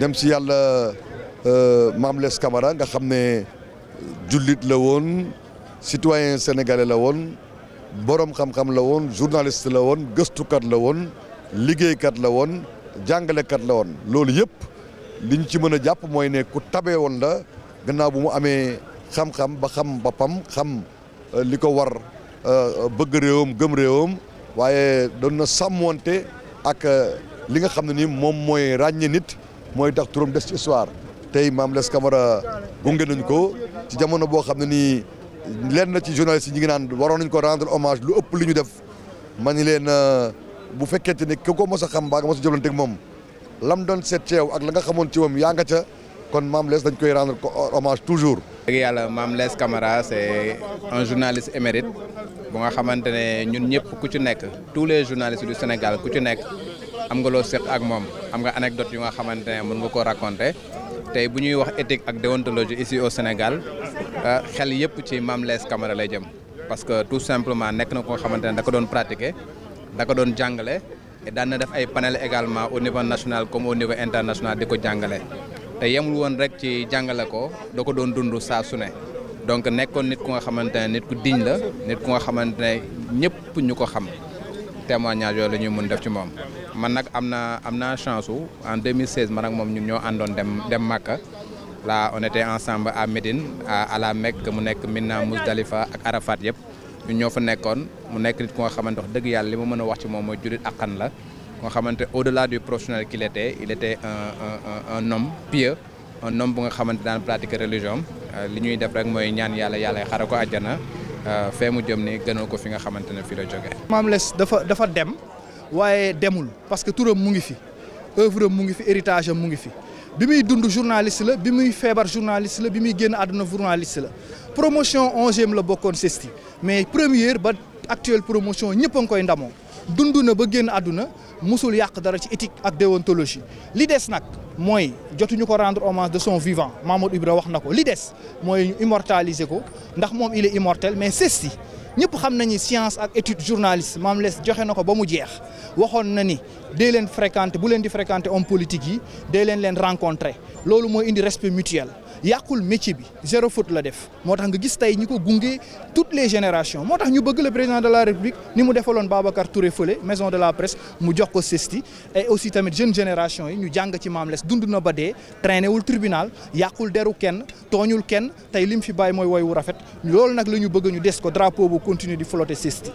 dem si yàlla euh, mamles kamara nga xam ne jullit la woon citoyen sénégalais la woon boroom xam-xam la woon journaliste la woon gëstukat la woon liggéeykat la woon jàngalekat la woon loolu yëpp liñ ci mën a jàpp mooy ne ku tabee woon la gannaaw bu mu amee xam-xam ba xam boppam xam euh, li ko war euh, bëgg réewam gëm réewam waaye doon na sàmmonte ak euh, li nga xam ne ni moom mooy ràññee nit mooy tax turam des ci histoire tey Mame Less Camara gunge nañ ko ci jamono boo xam ne nii lenn ci journaliste yi ñu ngi naan waroon nañ ko rendre hommage lu ëpp li ñu def ma ni leen euh, bu fekkente ne ku ko mos a xam baa nga mos a jëflante moom lam doon seet ceew ak la nga xamoon ci moom yaa nga ca kon Mame Less dañ koy rendre euh, hommage toujours dëgg yàlla maam lees Camara c'est un journaliste émérite bu nga xamante ne ñun ñëpp ku ci nekk tous les journalistes du Sénégal ku ci nekk am nga loo seq ak moom am nga anecdote yu nga xamante ne mën nga koo raconter tey bu ñuy wax éthique ak déontologie ici au Sénégal euh, xel yëpp ci maam Less Camara lay jëm parce que tout simplement nekk na ko nga xamante ne da ko doon pratiquer da doon jàngale et daan na def ay panel également au niveau national comme au niveau di ko jàngale te yemul woon rek ci jàngale ko da ko doon dund saa su ne donc nekkoon nit ku nga xamante ne nit ku diñ la nit ku nga xamante ne ñëpp ñu ko xam témoignage yooyu la ñuy mun def ci moom man nag am na am naa chance wu en 2016 man ak moom ñun ñoo àndoon dem dem Màkka la on était ensemble à Médine à la Mecque mu nekk Mina Musdalifa ak Arafat yëpp ñun ñoo fa nekkoon mu nekk nit ku nga xamante dëgg yàlla li ma mën a wax ci moom mooy julit akkan la nga xamante au-delà du professionnel qu'il était il était un un bu nga xamante daan pratiquer religion euh, li ñuy def rek mooy ñaan yàlla yàlla xara ko àjjana euh, fee mu jëm ni gënal ko fi nga xamante ne fi la jógee. Maam dafa dafa dem waaye demul parce que turam mu ngi fi œuvre mu ngi fi héritage mu ngi fi bi muy dund journaliste la bi muy feebar journaliste la bi muy génn àdduna journaliste la promotion onzième la bokkoon sesti mais première ba actuelle promotion ñëpp ngi koy ndamoo. dund na ba génn àdduna musul yàq dara ci éthique ak déontologie li des nag mooy jotuñu ko rendre hommage de son vivant Mamadou Ibra wax na ko li des mooy ñu ko ndax moom il est immortel mais ceci ñëpp xam nañi science ak étude journaliste maam Less joxe na ko ba mu jeex waxoon na ni dee leen fréquenter bu leen di fréquenter homme politique yi dee leen leen rencontrer loolu mooy indi respect mutuel. yàqul métier bi zéro faute la def moo tax nga gis tey ñi ko gunge toutes les générations moo tax ñu bëgg la président de la république ni mu defaloon Babacar Touré fële maison de la presse mu jox ko sesti et aussi tamit jeune génération yi ñu jàng ci maam les dund na ba dee traîné wul tribunal yàqul deru kenn tooñul kenn tey li mu fi bàyyi mooy woy wu rafet loolu nag la ñu bëgg ñu des ko drapeau bu continuer di flotter sesti